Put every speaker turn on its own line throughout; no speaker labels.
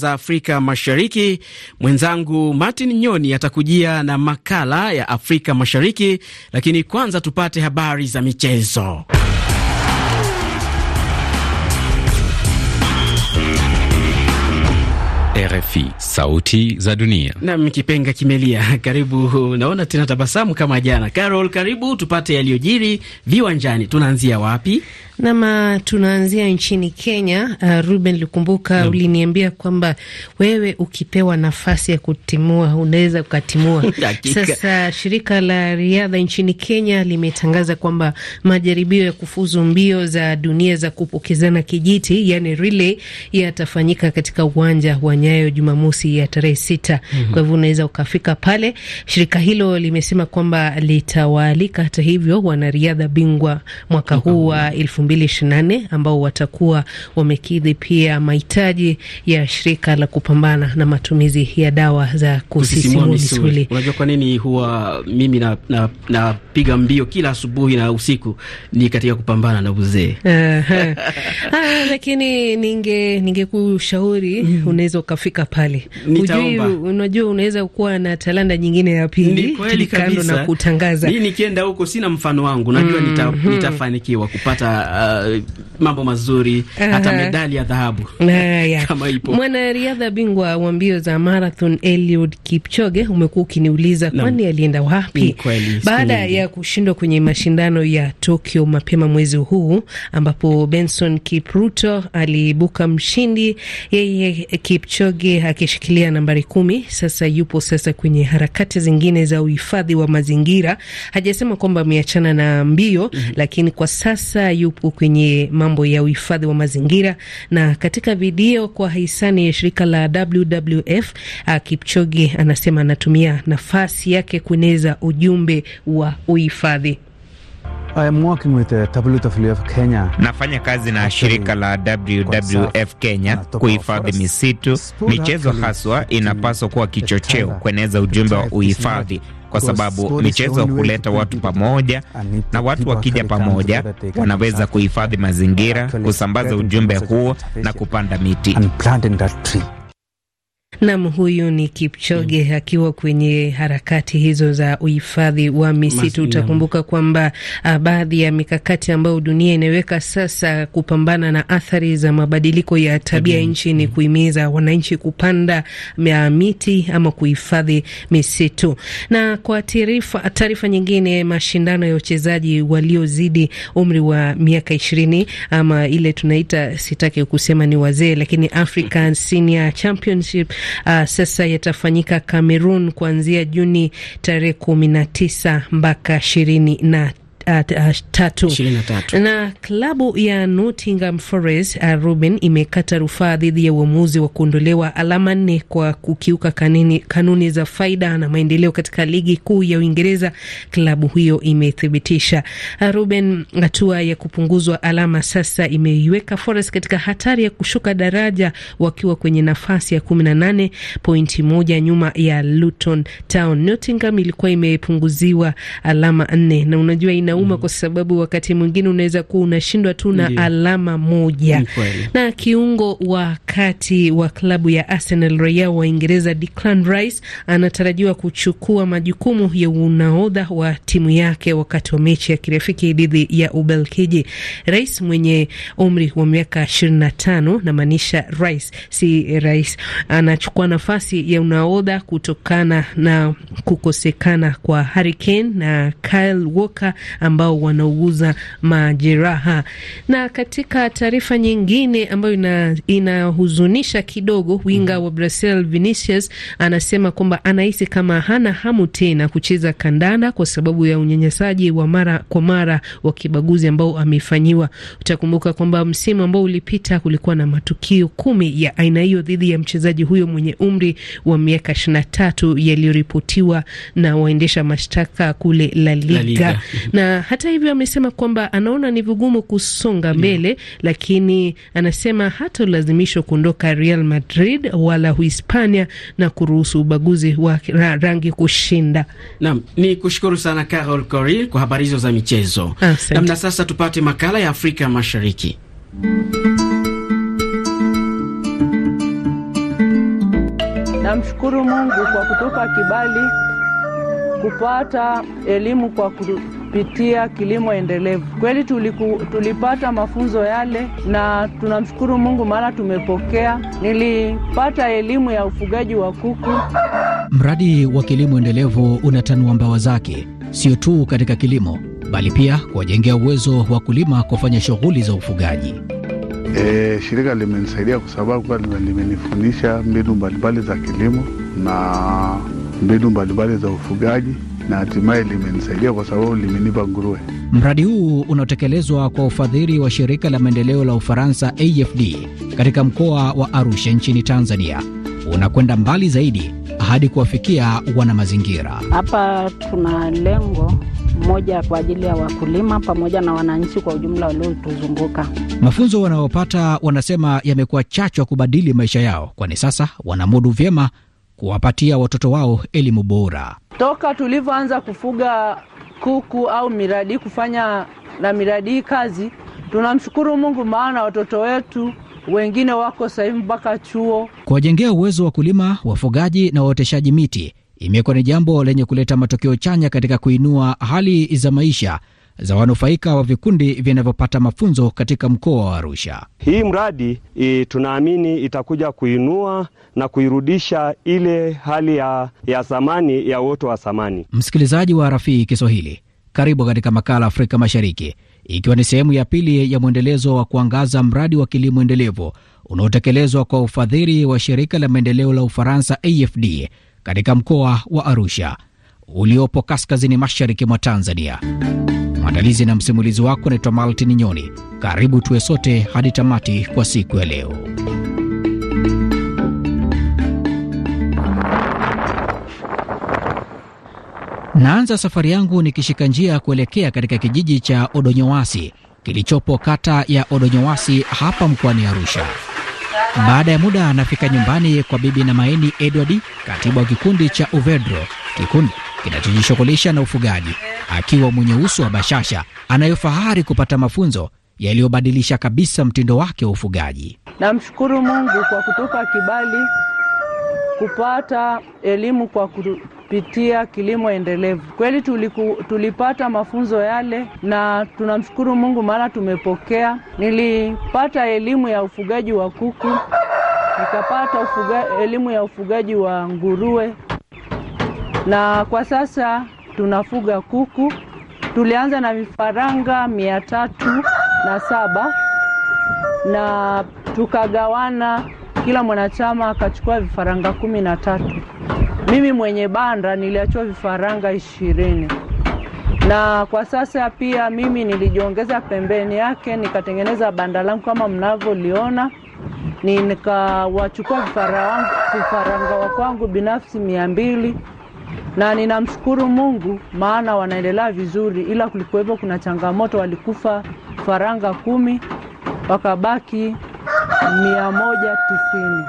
za Afrika Mashariki. Mwenzangu Martin Nyoni atakujia na makala ya Afrika Mashariki, lakini kwanza tupate habari za michezo. RFI, sauti za dunia. Nam kipenga kimelia, karibu. Naona tena tabasamu kama jana. Carol, karibu tupate yaliyojiri viwanjani. Tunaanzia wapi?
Nama tunaanzia nchini Kenya. Uh, Ruben Lukumbuka, uliniambia kwamba wewe ukipewa nafasi ya kutimua unaweza ukatimua. Sasa shirika la riadha nchini Kenya limetangaza kwamba majaribio ya kufuzu mbio za dunia za kupokezana kijiti, yani relay, yatafanyika katika uwanja wa Nyayo Jumamosi ya tarehe sita. mm -hmm. Kwa hivyo unaweza ukafika pale. Shirika hilo limesema kwamba litawaalika hata hivyo wanariadha bingwa mwaka huu wa elfu mbili ambao watakuwa wamekidhi pia mahitaji ya shirika la kupambana na matumizi ya dawa za kusisimua misuli.
Unajua kwa nini huwa mimi napiga na, na mbio kila asubuhi na usiku ni katika kupambana na uzee.
Ah, lakini ninge ningekushauri mm, unaweza ukafika pale, Ujui, unajua unaweza kuwa na talanta nyingine ya pili kando na kutangaza. Mimi
nikienda huko sina mfano wangu, najua mm -hmm. nitafanikiwa nita kupata Uh, mambo mazuri Aha. hata medali ya dhahabu kama ipo.
Mwanariadha bingwa wa mbio za marathon Eliud Kipchoge, umekuwa ukiniuliza kwani alienda wapi baada ya kushindwa kwenye mashindano ya Tokyo mapema mwezi huu ambapo Benson Kipruto aliibuka mshindi, yeye Kipchoge akishikilia nambari kumi. Sasa yupo sasa kwenye harakati zingine za uhifadhi wa mazingira. Hajasema kwamba ameachana na mbio, mm -hmm. lakini kwa sasa yupo kwenye mambo ya uhifadhi wa mazingira, na katika video kwa hisani ya shirika la WWF uh, Kipchoge anasema anatumia nafasi yake kueneza ujumbe wa uhifadhi.
I am working with uh, WWF
Kenya.
Nafanya kazi na shirika la WWF Kenya uh, kuhifadhi misitu. Michezo haswa inapaswa kuwa kichocheo kueneza ujumbe wa uhifadhi kwa sababu michezo huleta watu pamoja, na watu wakija pamoja wanaweza kuhifadhi mazingira, kusambaza ujumbe huo na kupanda miti.
Nam, huyu ni Kipchoge mm, akiwa kwenye harakati hizo za uhifadhi wa misitu. Utakumbuka kwamba uh, baadhi ya mikakati ambayo dunia inaweka sasa kupambana na athari za mabadiliko ya tabia okay, nchi ni mm, kuhimiza wananchi kupanda miti ama kuhifadhi misitu. Na kwa taarifa nyingine, mashindano ya wachezaji waliozidi umri wa miaka ishirini ama ile tunaita sitaki kusema ni wazee, lakini African Senior Championship uh, sasa yatafanyika Kamerun kuanzia Juni tarehe kumi na tisa mpaka ishirini na 23 uh, na klabu ya Nottingham Forest uh, Rubin imekata rufaa dhidi ya uamuzi wa kuondolewa alama nne kwa kukiuka kanini, kanuni za faida na maendeleo katika ligi kuu ya Uingereza. Klabu hiyo imethibitisha uh, Ruben, hatua ya kupunguzwa alama sasa imeiweka Forest katika hatari ya kushuka daraja wakiwa kwenye nafasi ya kumi na nane pointi moja nyuma ya Luton Town. Nottingham ilikuwa imepunguziwa alama nne na unajua ina mm. kwa sababu wakati mwingine unaweza kuwa unashindwa tu na yeah, alama moja. Na kiungo wa kati wa klabu ya Arsenal raia wa Uingereza Declan Rice anatarajiwa kuchukua majukumu ya unaodha wa timu yake wakati wa mechi ya kirafiki dhidi ya ubelkiji Rice mwenye umri wa miaka 25, namaanisha Rice si Rice anachukua nafasi ya unaodha kutokana na kukosekana kwa Harry Kane na Kyle Walker ambao wanauguza majeraha. Na katika taarifa nyingine ambayo inahuzunisha ina kidogo, winga mhm. wa Brazil Vinicius anasema kwamba anahisi kama hana hamu tena kucheza kandanda kwa sababu ya unyanyasaji wa mara kwa mara wa kibaguzi ambao amefanyiwa. Utakumbuka kwamba msimu ambao ulipita kulikuwa na matukio kumi ya aina hiyo dhidi ya mchezaji huyo mwenye umri wa miaka tatu yaliyoripotiwa na waendesha mashtaka kule La Liga, La Liga. na hata hivyo amesema kwamba anaona ni vigumu kusonga mbele yeah. Lakini anasema hata ulazimishwa kuondoka Real Madrid wala Uhispania na kuruhusu ubaguzi wa rangi kushinda. Naam, ni
kushukuru sana Carol Coril kwa habari hizo za michezo. Namna sasa tupate makala ya Afrika Mashariki.
Namshukuru Mungu kwa kutupa kibali kupata elimu kwa kupitia kilimo endelevu. Kweli tuliku, tulipata mafunzo yale na tunamshukuru Mungu maana tumepokea. Nilipata elimu ya ufugaji wa kuku.
Mradi wa kilimo endelevu unatanua mbawa zake sio tu katika kilimo, bali pia kuwajengea uwezo wa kulima kufanya shughuli za ufugaji.
E, shirika limenisaidia kwa sababu limenifundisha mbinu mbalimbali za kilimo na mbinu mbalimbali za ufugaji na hatimaye limenisaidia kwa sababu limenipa nguruwe.
Mradi huu unaotekelezwa kwa ufadhili wa shirika la maendeleo la Ufaransa AFD katika mkoa wa Arusha nchini Tanzania unakwenda mbali zaidi hadi kuwafikia wana mazingira.
Hapa tuna lengo moja kwa ajili ya wakulima pamoja na wananchi kwa ujumla waliotuzunguka.
Mafunzo wanaopata wanasema yamekuwa chachu ya kubadili maisha yao, kwani sasa wanamudu vyema kuwapatia watoto wao elimu bora.
Toka tulivyoanza kufuga kuku au miradi kufanya na miradi hii kazi, tunamshukuru Mungu maana watoto wetu wengine wako sahivi mpaka chuo.
Kuwajengea uwezo wa kulima wafugaji na waoteshaji miti imekuwa ni jambo lenye kuleta matokeo chanya katika kuinua hali za maisha za wanufaika wa vikundi vinavyopata mafunzo katika mkoa wa Arusha.
Hii mradi i, tunaamini itakuja kuinua na kuirudisha ile hali ya, ya zamani ya uoto wa zamani.
Msikilizaji wa Rafii Kiswahili, karibu katika makala Afrika Mashariki, ikiwa ni sehemu ya pili ya mwendelezo wa kuangaza mradi wa kilimo endelevu unaotekelezwa kwa ufadhili wa shirika la maendeleo la Ufaransa AFD katika mkoa wa Arusha uliopo kaskazini mashariki mwa Tanzania. Maandalizi na msimulizi wako anaitwa Maltin Nyoni. Karibu tuwe sote hadi tamati kwa siku ya leo. Naanza safari yangu nikishika njia kuelekea katika kijiji cha Odonyowasi kilichopo kata ya Odonyowasi hapa mkoani Arusha. Baada ya muda anafika nyumbani kwa Bibi na Maini Edward, katibu wa kikundi cha Uvedro, kikundi kinachojishughulisha na ufugaji akiwa mwenye uso wa bashasha, anayofahari kupata mafunzo yaliyobadilisha kabisa mtindo wake wa ufugaji.
Namshukuru Mungu kwa kutupa kibali kupata elimu kwa kupitia kilimo endelevu. Kweli tuliku, tulipata mafunzo yale na tunamshukuru Mungu maana tumepokea. Nilipata elimu ya ufugaji wa kuku, nikapata ufuga, elimu ya ufugaji wa nguruwe na kwa sasa tunafuga kuku. Tulianza na vifaranga mia tatu na saba na tukagawana, kila mwanachama akachukua vifaranga kumi na tatu. Mimi mwenye banda niliachua vifaranga ishirini na kwa sasa pia mimi nilijiongeza pembeni yake nikatengeneza banda langu kama mnavyoliona, nikawachukua vifaranga wa kwangu binafsi mia mbili na ninamshukuru Mungu maana wanaendelea vizuri, ila kulikuwepo kuna changamoto, walikufa faranga kumi wakabaki mia moja tisini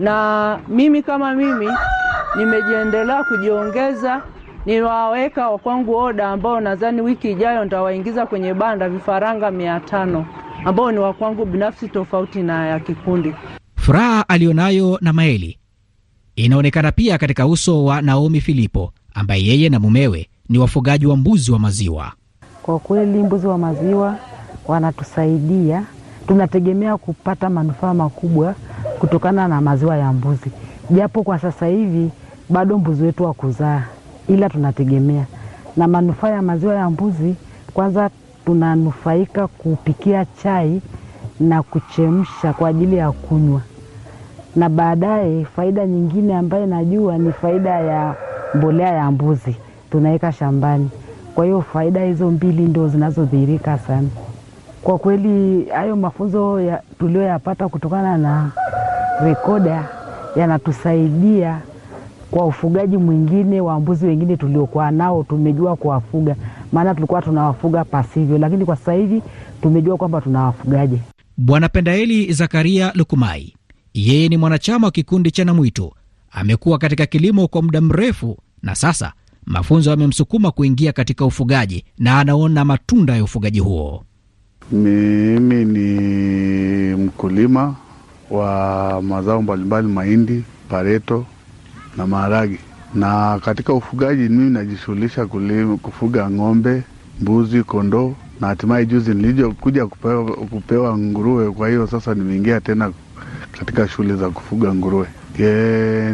na mimi kama mimi nimejiendelea kujiongeza, niwaweka wakwangu oda ambao nadhani wiki ijayo nitawaingiza kwenye banda vifaranga mia tano ambao ni wakwangu binafsi tofauti na ya kikundi.
Furaha aliyonayo na Maeli inaonekana pia katika uso wa Naomi Filipo ambaye yeye na mumewe ni wafugaji wa mbuzi wa maziwa.
Kwa kweli mbuzi wa maziwa wanatusaidia, tunategemea kupata manufaa makubwa kutokana na maziwa ya mbuzi, japo kwa sasa hivi bado mbuzi wetu wa kuzaa, ila tunategemea na manufaa ya maziwa ya mbuzi. Kwanza tunanufaika kupikia chai na kuchemsha kwa ajili ya kunywa na baadaye faida nyingine ambayo najua ni faida ya mbolea ya mbuzi tunaweka shambani. Kwa hiyo faida hizo mbili ndo zinazodhihirika sana kwa kweli. Hayo mafunzo tuliyoyapata kutokana na Rekoda yanatusaidia kwa ufugaji mwingine wa mbuzi wengine tuliokuwa nao, tumejua kuwafuga, maana tulikuwa tunawafuga pasivyo, lakini kwa sasa hivi tumejua
kwamba tunawafugaje. Bwana Pendaeli Zakaria Lukumai yeye ni mwanachama wa kikundi cha Namwito, amekuwa katika kilimo kwa muda mrefu na sasa mafunzo yamemsukuma kuingia katika ufugaji na anaona matunda ya ufugaji huo.
Mimi ni mkulima wa mazao mbalimbali, mahindi, pareto na maharagi, na katika ufugaji mimi najishughulisha kufuga ng'ombe, mbuzi, kondoo na hatimaye juzi nilijokuja kupewa, kupewa nguruwe. Kwa hiyo sasa nimeingia tena katika shule za kufuga nguruwe.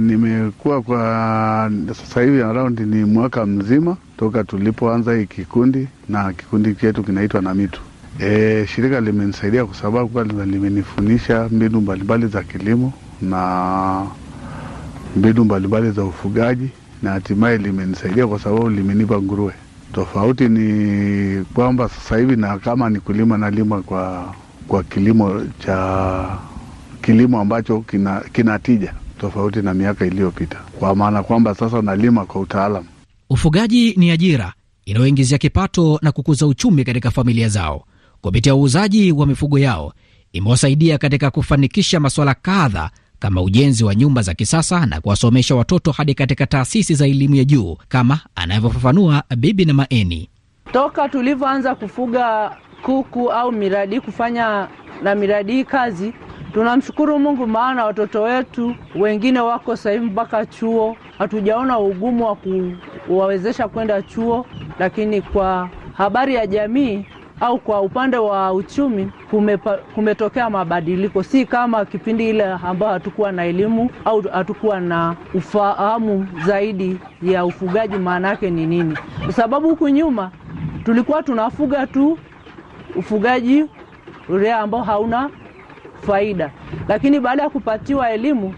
nimekuwa kwa sasa hivi around ni mwaka mzima toka tulipoanza hii kikundi, na kikundi chetu kinaitwa Namitu. E, shirika limenisaidia kwa sababu limenifunisha mbinu mbalimbali za kilimo na mbinu mbalimbali za ufugaji, na hatimaye limenisaidia kwa sababu limenipa nguruwe. Tofauti ni kwamba sasa hivi na kama ni kulima, nalima kwa, kwa kilimo cha kilimo ambacho kina, kina tija tofauti na miaka iliyopita, kwa maana kwamba sasa unalima kwa utaalam Ufugaji
ni ajira inayoingizia kipato na kukuza uchumi katika familia zao. Kupitia uuzaji wa mifugo yao imewasaidia katika kufanikisha masuala kadha kama ujenzi wa nyumba za kisasa na kuwasomesha watoto hadi katika taasisi za elimu ya juu, kama anavyofafanua Bibi na Maeni.
Toka tulivyoanza kufuga kuku au miradi kufanya na miradi hii kazi, Tunamshukuru Mungu maana watoto wetu wengine wako sasa hivi mpaka chuo, hatujaona ugumu wa kuwawezesha kwenda chuo. Lakini kwa habari ya jamii au kwa upande wa uchumi kumepa, kumetokea mabadiliko, si kama kipindi ile ambayo hatukuwa na elimu au hatukuwa na ufahamu zaidi ya ufugaji maana yake ni nini, kwa sababu huku nyuma tulikuwa tunafuga tu ufugaji ule ambao hauna faida. Lakini baada ya kupatiwa elimu,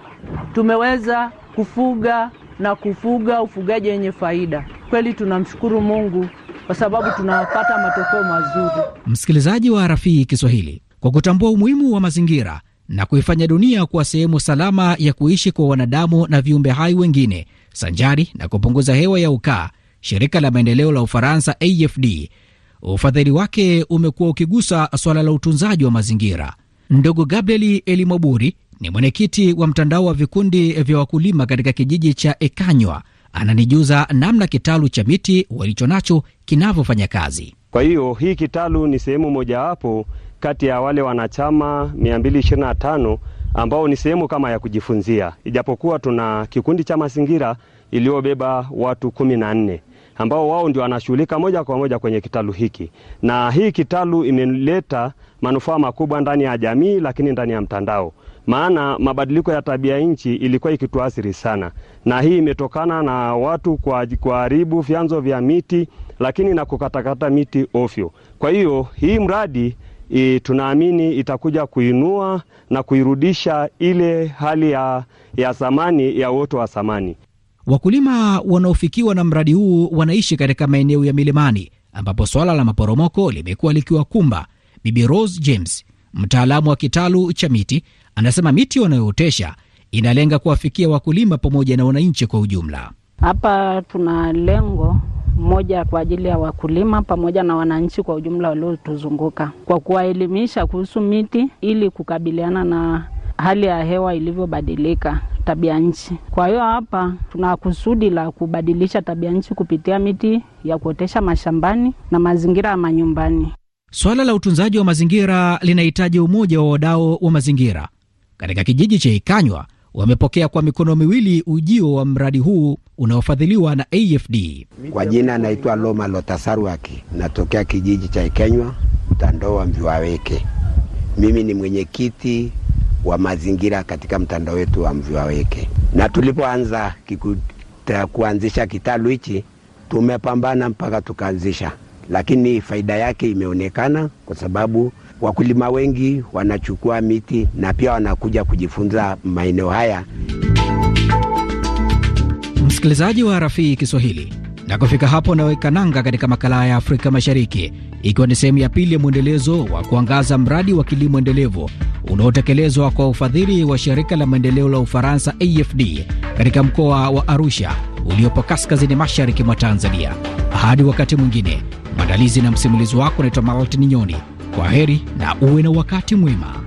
tumeweza kufuga na kufuga ufugaji wenye faida. Kweli tunamshukuru Mungu kwa sababu tunapata matokeo mazuri.
Msikilizaji wa Rafii Kiswahili, kwa kutambua umuhimu wa mazingira na kuifanya dunia kuwa sehemu salama ya kuishi kwa wanadamu na viumbe hai wengine, sanjari na kupunguza hewa ya ukaa, shirika la maendeleo la Ufaransa AFD ufadhili wake umekuwa ukigusa swala la utunzaji wa mazingira. Ndugu Gabrieli Elimoburi ni mwenyekiti wa mtandao wa vikundi vya wakulima katika kijiji cha Ekanywa. Ananijuza namna kitalu cha miti walicho nacho kinavyofanya kazi.
Kwa hiyo hii kitalu ni sehemu mojawapo kati ya wale wanachama 225 ambao ni sehemu kama ya kujifunzia, ijapokuwa tuna kikundi cha mazingira iliyobeba watu kumi na nne ambao wao ndio wanashughulika moja kwa moja kwenye kitalu hiki, na hii kitalu imeleta manufaa makubwa ndani ya jamii, lakini ndani ya mtandao maana mabadiliko ya tabia nchi ilikuwa ikituathiri sana, na hii imetokana na watu kuharibu vyanzo vya miti, lakini na kukatakata miti ovyo. Kwa hiyo hii mradi i, tunaamini itakuja kuinua na kuirudisha ile hali ya zamani ya uoto wa zamani.
Wakulima wanaofikiwa na mradi huu wanaishi katika maeneo ya milimani ambapo swala la maporomoko limekuwa likiwakumba. Bibi Rose James, mtaalamu wa kitalu cha miti, anasema miti wanayootesha inalenga kuwafikia wakulima pamoja na wananchi kwa ujumla.
Hapa tuna lengo moja kwa ajili ya wakulima pamoja na wananchi kwa ujumla waliotuzunguka, kwa kuwaelimisha kuhusu miti ili kukabiliana na hali ya hewa ilivyobadilika tabia nchi. Kwa hiyo hapa tuna kusudi la kubadilisha tabia nchi kupitia miti ya kuotesha mashambani na mazingira ya manyumbani.
Swala la utunzaji wa mazingira linahitaji umoja wa wadau wa mazingira. Katika kijiji cha Ikanywa wamepokea kwa mikono miwili ujio wa mradi huu unaofadhiliwa na AFD.
Kwa jina anaitwa Loma Lotasaruaki, natokea kijiji cha Ikenywa, mtandao wa Mviwaweke. Mimi ni mwenyekiti wa mazingira katika mtandao wetu wa weke. Na tulipoanza kuanzisha kitalu hichi, tumepambana mpaka tukaanzisha, lakini faida yake imeonekana kwa sababu wakulima wengi wanachukua miti na pia wanakuja kujifunza maeneo haya.
Msikilizaji wa Rafii Kiswahili, na kufika hapo naweka nanga katika makala ya Afrika Mashariki, ikiwa ni sehemu ya pili ya mwendelezo wa kuangaza mradi wa kilimo endelevu unaotekelezwa kwa ufadhili wa shirika la maendeleo la Ufaransa AFD katika mkoa wa Arusha uliopo kaskazini mashariki mwa Tanzania. Hadi wakati mwingine, mwandalizi na msimulizi wako unaitwa Martin Nyoni. Kwa heri na uwe na wakati mwema.